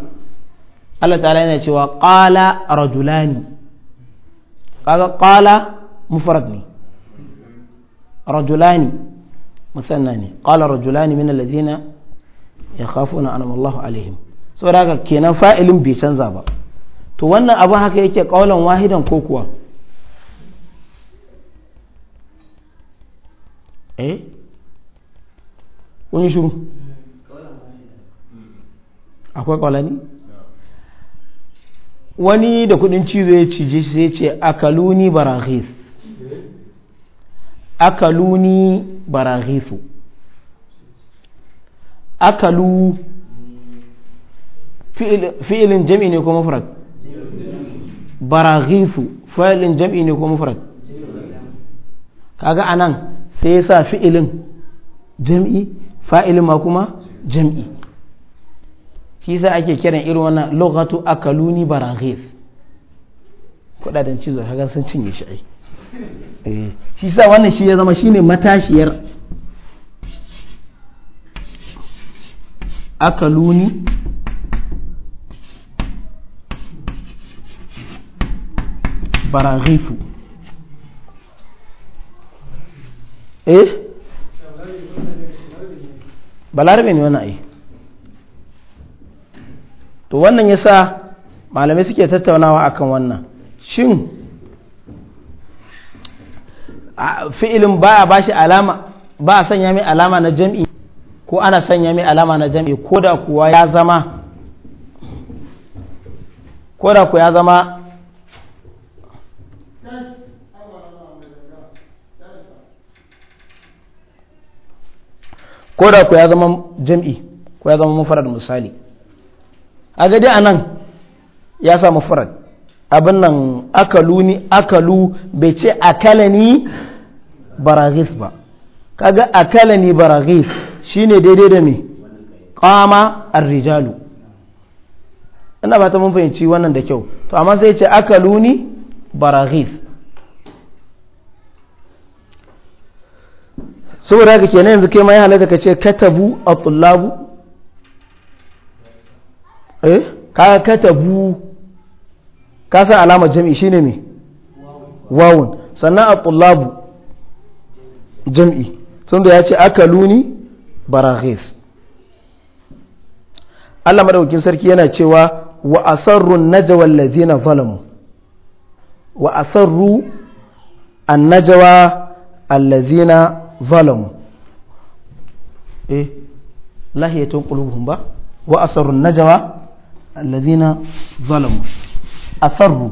Allah ta'ala yana cewa ƙala rajulani kaga ƙala mufrad ne rajulani مثنى ne qala rajulani min ya yakhafuna anama Allahu alaihim saboda haka kenan fa'ilin bai canza ba to wannan abin haka yake ƙaunar wahidan ko kuwa eh kun shuru akwai kaulani wani da kudin cizo ya cije shi sai ce akaluni barahis akaluni baraghifu akalu fi'ilin jam'i ne ko mufrad baraghifu fa'ilin jam'i ne ko mufrad kaga anan sai yasa sa fi'ilin jam'i fa'ilin ma kuma jam'i shi sa ake kiran irin wannan lokatu akaluni baraghif kudaden cizo kaga sun cinye shi ai Eh, shi sa wannan shi ya zama shi ne matashiyar akaluni baraghifu eh balarabe ne wannan ai to wannan ya sa malamai suke tattaunawa akan wannan shin fi'ilin ba a bashi alama ba a sanya mai alama na jam'i ko ana sanya mai alama na jam'i ko da kuwa ya zama ko da kuwa ya zama ko da ku ya zama jam'i ko ya zama mufarad misali a gadi a nan ya sa mufarad abin nan akalu ni akalu bai ce akalani baragis ba kaga akalani baragis shine daidai da me qama ar-rijalu ina ba ta mun fahimci wannan da kyau to amma sai ce akalu ni baragis saboda haka kenan yanzu kai ma ya halatta ka ce katabu at-tullabu eh ka katabu ka san alamar jam'i shi ne me wawun sannan a tullabu jam'i tunda ya ce akaluni baraghis Allah madaukakin sarki yana cewa wa asarru najwa allazina zalamu wa asarru annajwa allazina zalamu eh lahiyatun qulubuhum ba wa asarru najwa allazina zalamu asarru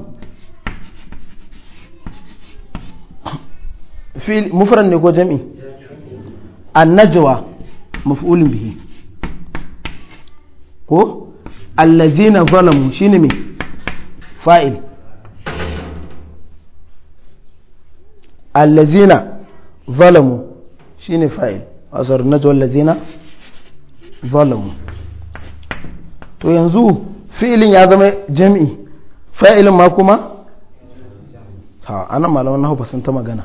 fil mufran ne ko jami annajwa maf'ulun bihi ko allazina zalamu shine me fa'il allazina zalamu shine fa'il asar najwa allazina zalamu to yanzu fi'ilin ya zama jami'i fa'ilin ma kuma ha ana malaman na hufa sun ta magana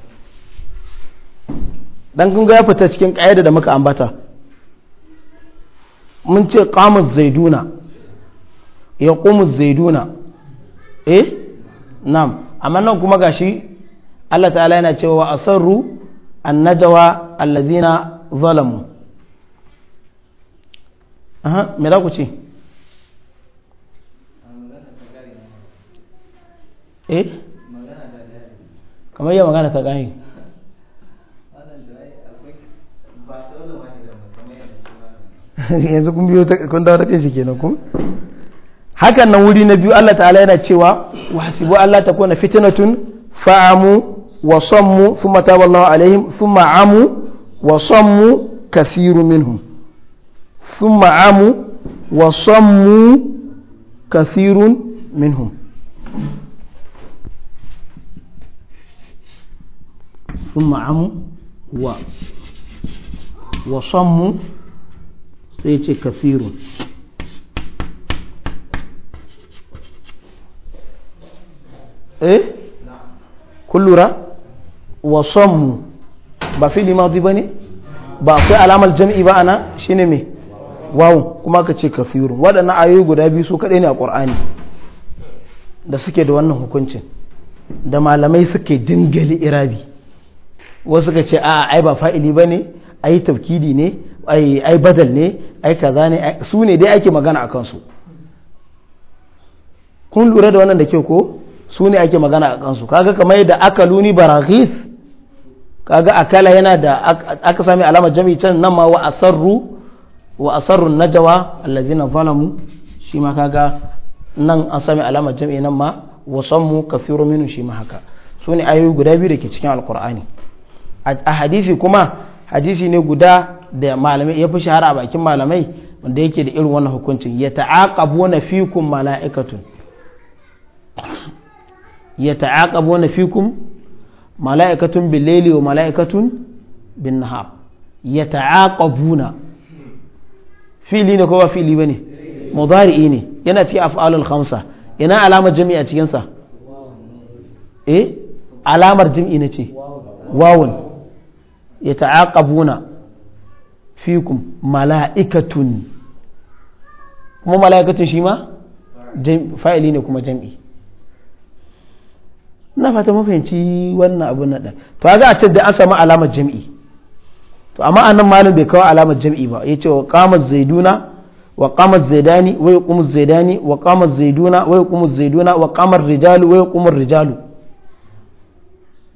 ɗan kun ya fita cikin ƙa'ida da muka ambata mun ce zai zaiduna ya zai zaiduna eh nam amma nan kuma gashi Allah ta'ala yana cewa asarru najawa allazina zalamu aha me za ku ce eh kamar ya magana ta gani yanzu kun biyo kun dawo ta shi kenan kun hakan nan wuri na biyu Allah ta'ala yana cewa wa hasibu Allah ta kuna fitnatun fa'amu wa sammu thumma taba Allah alaihim thumma amu wa sammu kathiru minhum thumma amu wa sammu kathirun minhum ثم عموا و وصموا سيتي كثير ba fili madi ba ne alamar jam'i ba ana shine ne mai kuma ka ce kafirun waɗannan ayoyi guda biyu su kaɗai ne a ƙwar'ani da suke da wannan hukuncin da malamai suke dingali irabi wasu ka ce a ai ba fa'ili ba ne ai tafkidi ne ai badal ne ai kaza ne su ne dai ake magana a kansu kun lura da wannan da ke ko su ne ake magana a kansu kaga kamar da akaluni luni baraghis kaga akala yana da aka sami alamar jami'i can nan ma wa asarru wa asarru najawa allazina zalamu shi ma kaga nan an sami alamar jami'i nan ma wa sammu kafiru minu shi ma haka su ne ayoyi guda biyu da ke cikin alkur'ani a hadisi kuma hadisi ne guda da malamai ya fi shahara a bakin malamai wanda yake da irin wannan hukuncin ya ta'aqabu na fikum mala'ikatun ya ta'aqabu na fikum mala'ikatun bil laili wa mala'ikatun bin nahar ya ta'aqabuna fili ne ko ba fili bane mudari'i ne yana cikin af'alul khamsa yana alamar jami'a cikin sa eh alamar jami'i ne ce wawun ya ta'aqabuna fikum mala'ikatun kuma mala'ikatun shi ma fa'ili ne kuma jam'i na fata mafahimci wannan abun nan to ga a ce da an samu alama jam'i to amma anan malam bai kawo alama jam'i ba ya ce wa qamaz zaiduna wa qamaz zaidani wa yaqumuz zaidani wa qamaz zaiduna wa yaqumuz zaiduna wa qamar rijalu wa yaqumur rijalu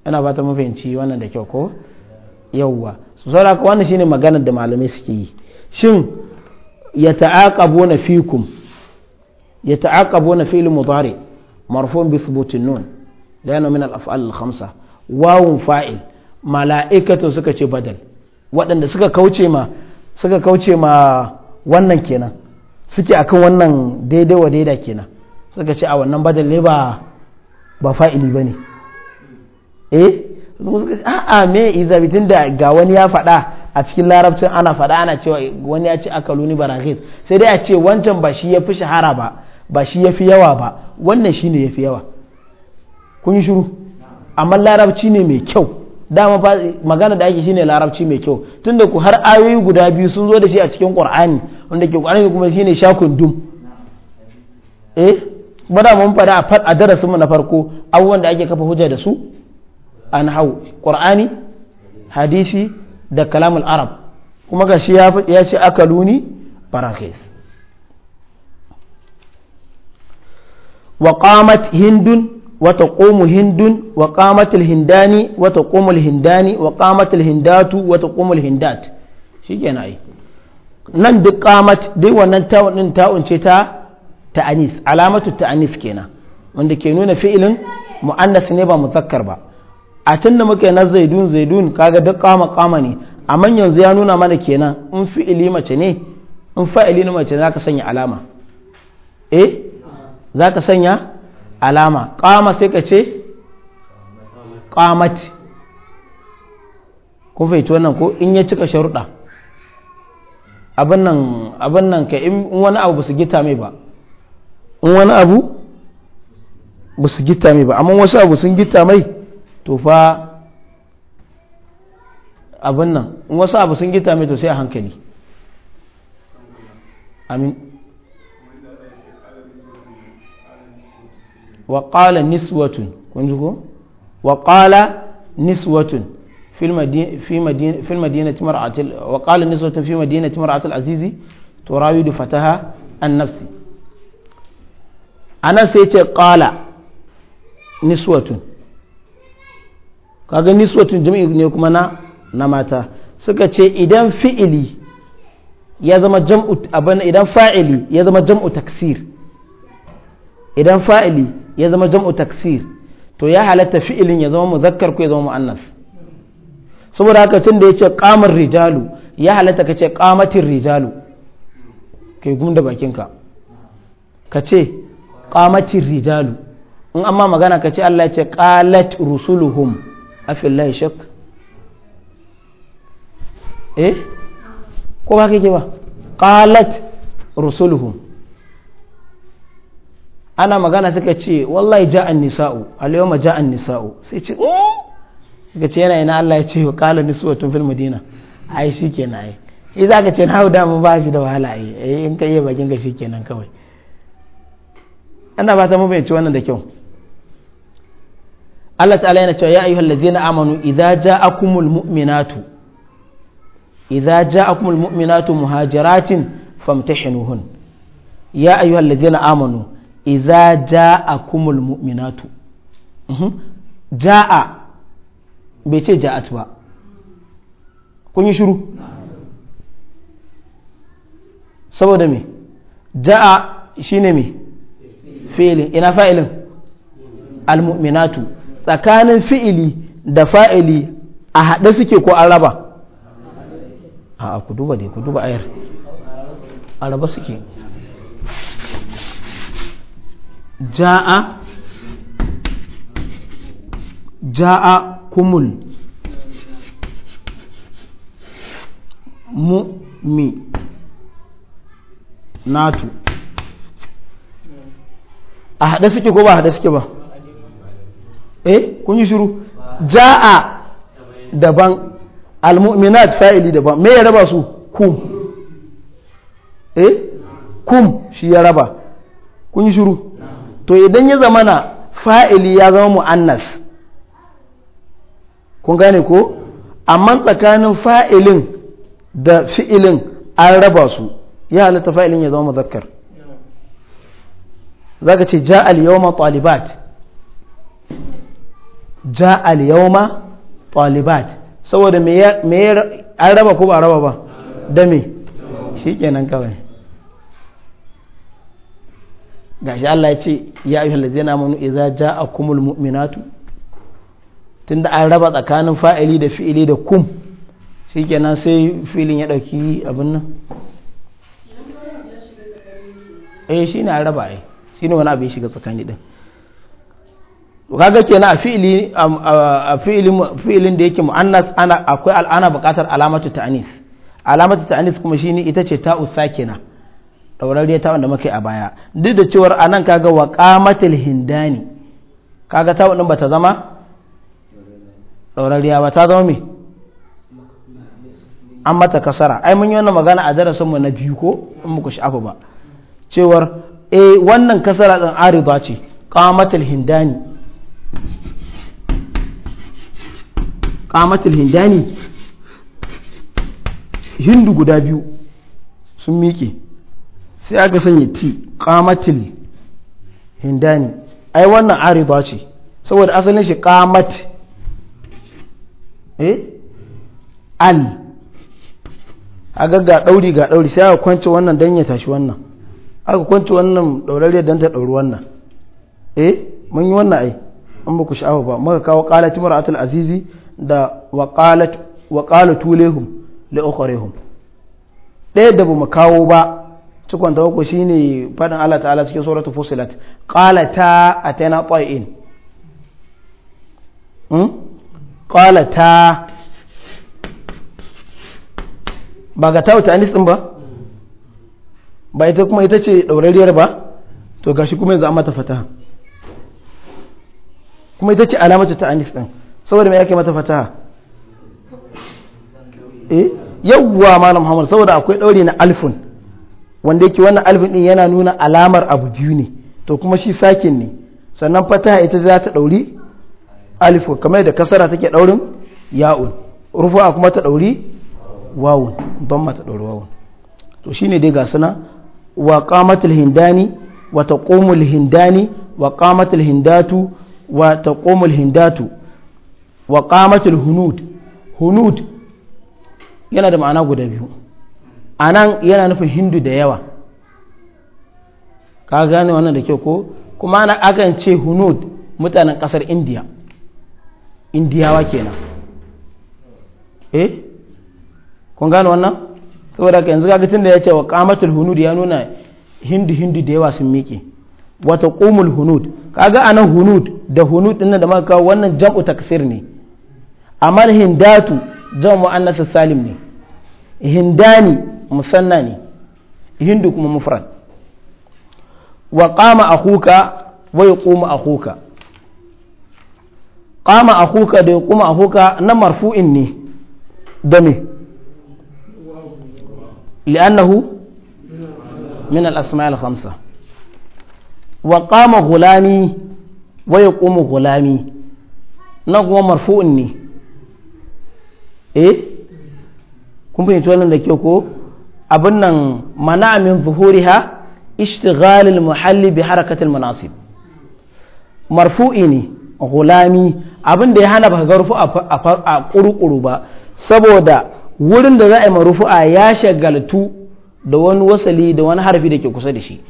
ana fata mafahimci wannan da kyau ko yawwa saura ka wannan shine maganar da malamai suke yi shin ya ta'aqabuna fikum ya ta'aqabuna fi'l mudari marfu' bi thubut nun da yana min al-af'al al wawun fa'il mala'ikatu suka ce badal waɗanda suka kauce ma suka kauce ma wannan kenan suke akan wannan daidai wa daida kenan suka ce a wannan badal ne ba ba fa'ili bane eh a'a me izabi da ga wani ya faɗa a cikin larabcin ana faɗa ana cewa wani ya ci akalu ni baraghis sai dai a ce wancan ba shi ya fi shahara ba ba shi ya fi yawa ba wannan shi ne ya fi yawa kun yi shiru amma larabci ne mai kyau dama ba magana da ake shi ne larabci mai kyau tunda ku har ayoyi guda biyu sun zo da shi a cikin ƙwar'ani wanda ke ƙwar'ani kuma ne shakun dum eh bada mun fada a darasin mu na farko abubuwan da ake kafa hujja da su an hau ƙur'ani hadisi da kalamul arab kuma ga shi ya ce aka luni waƙamat hindu هند وتقوم هند وقامت الهنداني وتقوم الهنداني وقامت الهندات وتقوم الهندات shi kenan ai nan duk kamat dai wannan ta'un din ta'un ce ta ta'anis alamatu ta'anis kenan wanda ke nuna fi'ilin mu'annas ne ba mu muzakkar ba a can da muka na zaidun zaidun kaga duk kama kama ne amma yanzu ya nuna mana kenan in fi'ili mace ne in fa'ili na mace zaka sanya alama eh zaka sanya alama kama sai ka ce qamat kun fahimci wannan ko in ya cika sharuɗa abin nan ka in wani abu ba su gita mai ba in wani abu ba su gita mai ba amma wasu abu sun gita mai to fa abin nan in wasu abu sun gita mai to sai a hankali amin wa qala niswatun kun ji ko wa qala niswatun fil madina fataha an nafsi anan sai ce qala niswatun kaga niswatin jami'i ne kuma na na mata suka ce idan fi'ili ya zama jam'u abana idan fa'ili ya zama jam'u taksir idan fa'ili ya zama jam'u taksir to ya halatta fi'ilin ya zama muzakkar ko ya zama mu'annas saboda haka tun da yace qamar rijalu ya halatta kace qamatir rijalu kai gunda ka kace qamatir rijalu in amma magana kace Allah ya ce qalat rusuluhum afillahi shak eh ko ba kike ba qalat rusuluhum ana magana suka ce wallahi ja'an nisa'u al-yawma ja'an nisa'u sai ce oh! suka ce yana ina Allah ya ce wa qala niswatun fil madina ai shikenan ai idan za ce na da mu ba shi da wahala ai eh, in ka iya bakin ka shikenan kawai ana ba ta mu bai ci wannan da kyau Allah ta'ala yana cewa ya ayyuhal ladzina amanu idza ja'akumul mu'minatu idza ja'akumul mu'minatu muhajiratin famtahinuhun ya ayyuhal ladzina amanu idza ja'akumul mu'minatu mhm. ja'a bai ce ja'at ba kun yi shiru saboda me ja'a shine me fi'ilin ina fa'ilin al-mu'minatu tsakanin fi'ili da fa'ili a haɗe suke ko an raba a ku duba ne, ku duba ayar a raba suke ja'a ja'a kumul mi. natu a haɗe suke ko ba haɗe suke ba eh kun yi shiru ja'a daban almu'minat fa'ili daban me ya raba su kum eh kum shi ya raba kun yi shiru to idan ya zama na fa'ili ya zama mu'annas kun gane ko amma tsakanin fa'ilin da fi'ilin an raba su ya halitta fa'ilin ya zama mazakar za ka ce ja'al yawma talibat ja al yawma talibat saboda me ya an raba ko ba raba ba da me shikenan kawai gashi Allah ya ce ya ayyuhal ladzina amanu idza ja'akumul mu'minatu tunda an raba tsakanin fa'ili da fi'ili da kum shikenan sai filin ya dauki abin nan eh shine an raba shi shine wani abu ya shiga tsakani din kaga kenan a fi'ili a fi'ilin fi'ilin da yake muannas ana akwai al'ana buƙatar alamatu ta'anis alamatu ta'anis kuma shine ita ce ta usakina daurarriya ta wanda muke a baya duk da cewar anan kaga wa qamatil hindani kaga ta wannan bata zama daurarriya ba ta zama me an mata kasara ai mun yi wannan magana a darasin mu na biyu ko in muku sha'afu ba cewar eh wannan kasara din arida ce qamatil hindani kamatul hindani hindu guda biyu sun miƙe sai aka sanya ti kamatul hindani ai wannan arida ce saboda asalin shi kamat eh al aga ga ɗauri ga ɗauri sai aka kwance wannan don ya tashi wannan aka kwance wannan ɗaurari don ta ɗauri wannan eh mun yi wannan ai in ba ku sha'awa ba muka kawo qalat imra'atul azizi da wa qalat wa qalatu lahum li ukhrihum ɗaya da bamu kawo ba cikon ta uku shine fadin Allah ta'ala cikin suratul fusilat qalata atana ta'in hmm qalata ba ga tawta anis din ba ba ita kuma ita ce daurariyar ba to gashi kuma yanzu an mata fataha kuma ita ce alamata ta anis ɗin saboda mai yake mata fataha eh yawwa na muhammad saboda akwai ɗaure na alfun wanda yake wannan alfun ɗin yana nuna alamar abu biyu ne to kuma shi sakin ne sannan fataha ita za ta ɗauri alfin kamar da kasara take ɗaurin ya'un a kuma ta ɗauri wawun don mata ɗauri wawun to shine dai ga suna wa ƙamatul hindani wa ƙomul hindani wa ƙamatul hindatu wa الهندات hindatu wa هنود hunud hunud yana da ma'ana guda biyu nan yana nufin hindu da yawa ka gane wannan da kyau ko kuma na akan ce hunud mutanen kasar indiya indiyawa kenan eh kun gane wannan saboda ka yanzu kaga da ya ce wa qamatul hunud ya nuna hindu hindu da yawa sun miƙe Wata taqumul hunud kaga anan hunud da hunud din da maka kawo wannan jam'u taksir ne amma hindatu jam'u annas salim ne hindani musanna ne hindu kuma mufrad wa qama akhuka wa yaqumu akhuka qama akhuka da yaqumu akhuka na marfu'in ne da me li'annahu min al-asma'i al-khamsa wa qama hulami wa kuma hulami Na kuma marfu'un ne eh kun fahimci tunanin da ke ko abin nan mana min ha ishtighalil muhalli bi harakatil munasib marfu'i ne gulami abin da ya hana ba ga rufu a kurukuru ba saboda wurin da za a yi marufu'a ya shagaltu da wani wasali da wani harfi da ke kusa da shi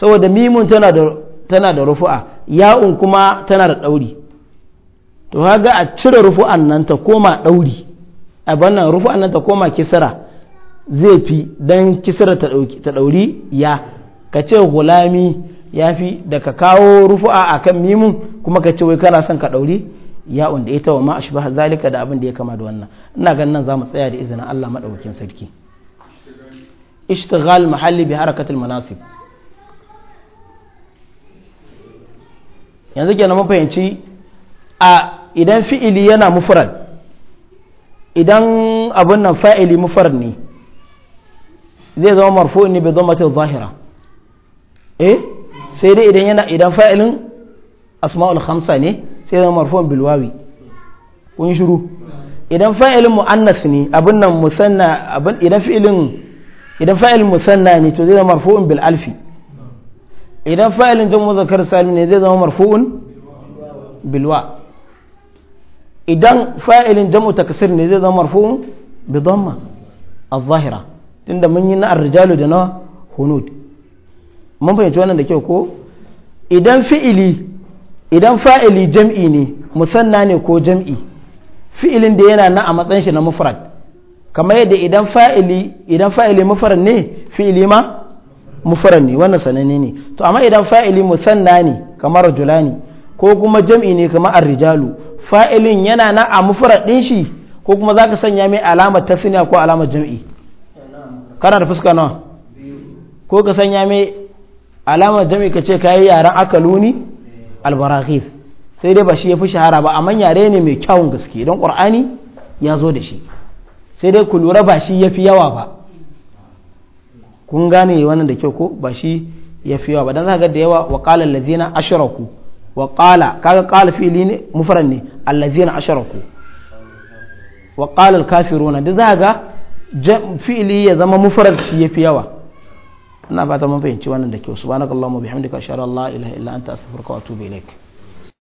saboda mimun tana da rufu'a ya'un kuma tana da ɗauri to haga a cire rufu'an nan ta koma ɗauri a bannan rufu'an nan ta koma kisira zai fi don kisira ta ɗauri ya ka ce gulami ya fi da ka kawo rufu'a akan mimun kuma ka ce wai kana son ka ɗauri ya'un da ita wa ma ba zalika da abin da ya kama da wannan ina ganin nan mu tsaya da izinin Allah maɗaukin sarki ishtighal muhalli bi harakatil munasib yanzu ke mun fahimci a idan fi'ili yana mufrad idan abin nan fa'ili mufrad ne zai zama marfu ne bai zama zahira eh sai dai idan yana idan fa'ilin asma'ul khamsa ne sai zama marfu bilwawi kun shuru idan fa'ilin mu'annas ne abin nan musanna idan fi'ilin idan fa'ilin musanna ne to zai zama marfu bil alfi idan fa'ilin jan muzakkar salim ne zai zama marfu'un bilwa idan fa'ilin jam'u takasir ne zai zama marfu'un bidonma a zahira tunda mun yi na'ar ar-rijalu da na hunud mun fahimci wannan da kyau ko idan fi'ili idan fa'ili jam'i ne musanna ne ko jam'i fi'ilin da yana na a matsayin shi na mufrad kamar yadda idan fa'ili idan fa'ili mufrad ne fi'ili ma mufarar ne wannan sananne ne to amma idan fa'ili musanna ne kamar julani ko kuma jam'i ne kamar arrijalu fa'ilin yana na a mufarar ɗin shi ko kuma za ka sanya mai alamar tasniya ko alamar jam'i kana da fuska nawa ko ka sanya mai alamar jam'i ka ce ka yaren akalu akaluni albarakis sai dai ba shi ya fi shahara ba amma yare ne mai kyawun gaske don ƙur'ani ya zo da shi sai dai ku lura ba shi ya fi yawa ba kun gane wannan da kyau ko ba shi ya fi yawa ba dan zaka ga da yawa wa qala allazina ashraku wa qala kaga qala fi'li ne mufrad ne allazina ashraku wa qala al kafiruna da zaka ga fi'li ya zama mufrad shi ya fi yawa ina fata mun fahimci wannan da kyau subhanakallahumma bihamdika ashhadu an la ilaha illa anta astaghfiruka wa atubu ilaik